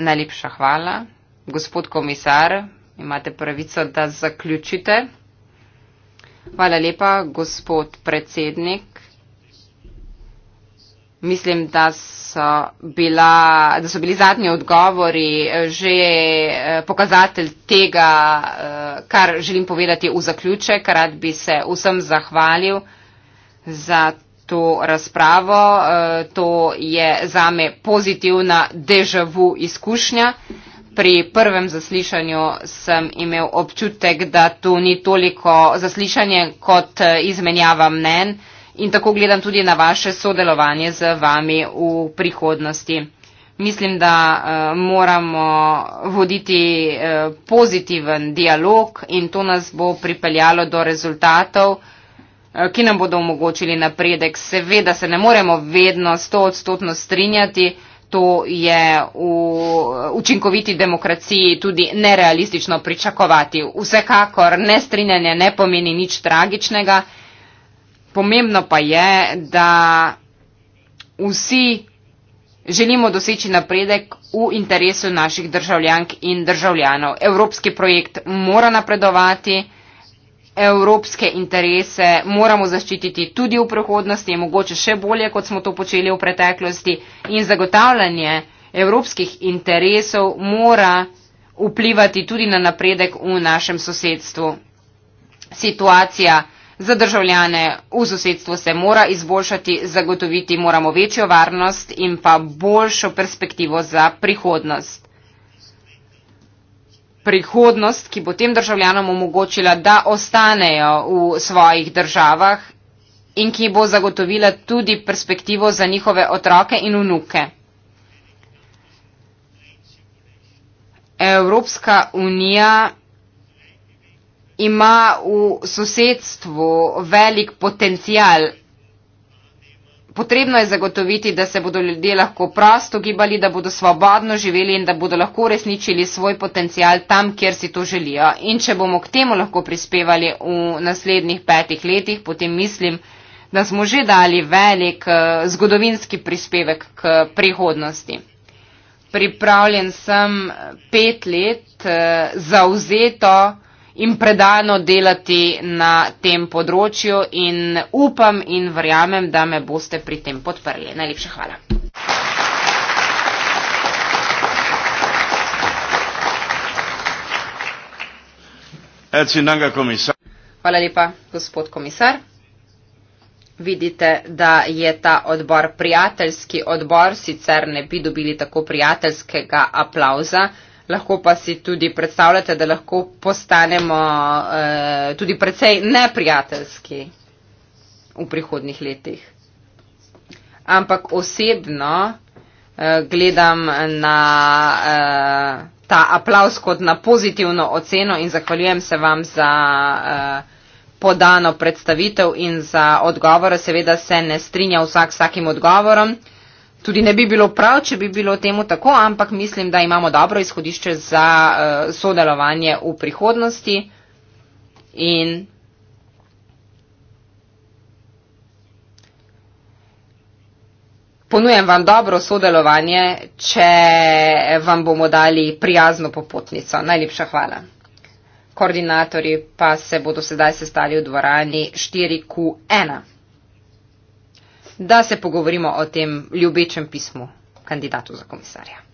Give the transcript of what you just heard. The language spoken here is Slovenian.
Najlepša hvala. Gospod komisar, imate pravico, da zaključite. Hvala lepa, gospod predsednik. Mislim, da so, bila, da so bili zadnji odgovori eh, že eh, pokazatelj tega, eh, kar želim povedati v zaključek. Rad bi se vsem zahvalil za to to razpravo. E, to je zame pozitivna dežavu izkušnja. Pri prvem zaslišanju sem imel občutek, da tu ni toliko zaslišanje kot e, izmenjava mnen in tako gledam tudi na vaše sodelovanje z vami v prihodnosti. Mislim, da e, moramo voditi pozitiven dialog in to nas bo pripeljalo do rezultatov. Eh, ki nam bodo omogočili napredek. Seveda se ne moremo vedno sto odstotno strinjati, to je v eh, učinkoviti demokraciji tudi nerealistično pričakovati. Vsekakor ne strinjanje ne pomeni nič tragičnega. Pomembno pa je, da vsi želimo doseči napredek v interesu naših državljank in državljanov. Evropski projekt mora napredovati evropske interese moramo zaščititi tudi v prihodnosti, mogoče še bolje, kot smo to počeli v preteklosti. In zagotavljanje evropskih interesov mora vplivati tudi na napredek v našem sosedstvu. Situacija za državljane v sosedstvu se mora izboljšati, zagotoviti moramo večjo varnost in pa boljšo perspektivo za prihodnost prihodnost, ki bo tem državljanom omogočila, da ostanejo v svojih državah in ki bo zagotovila tudi perspektivo za njihove otroke in vnuke. Evropska unija ima v sosedstvu velik potencial Potrebno je zagotoviti, da se bodo ljudje lahko prosto gibali, da bodo svobodno živeli in da bodo lahko uresničili svoj potencial tam, kjer si to želijo. In če bomo k temu lahko prispevali v naslednjih petih letih, potem mislim, da smo že dali velik eh, zgodovinski prispevek k prihodnosti. Pripravljen sem pet let eh, zauzeto in predano delati na tem področju in upam in verjamem, da me boste pri tem podprli. Najlepša hvala. Hvala lepa, gospod komisar. Vidite, da je ta odbor prijateljski odbor, sicer ne bi dobili tako prijateljskega aplauza lahko pa si tudi predstavljate, da lahko postanemo eh, tudi precej neprijateljski v prihodnih letih. Ampak osebno eh, gledam na eh, ta aplaus kot na pozitivno oceno in zahvaljujem se vam za. Eh, podano predstavitev in za odgovore. Seveda se ne strinja vsak s takim odgovorom. Tudi ne bi bilo prav, če bi bilo temu tako, ampak mislim, da imamo dobro izhodišče za uh, sodelovanje v prihodnosti. In Ponujem vam dobro sodelovanje, če vam bomo dali prijazno popotnico. Najlepša hvala. Koordinatorji pa se bodo sedaj sestali v dvorani 4Q1 da se pogovorimo o tem ljubečem pismu kandidatu za komisarja.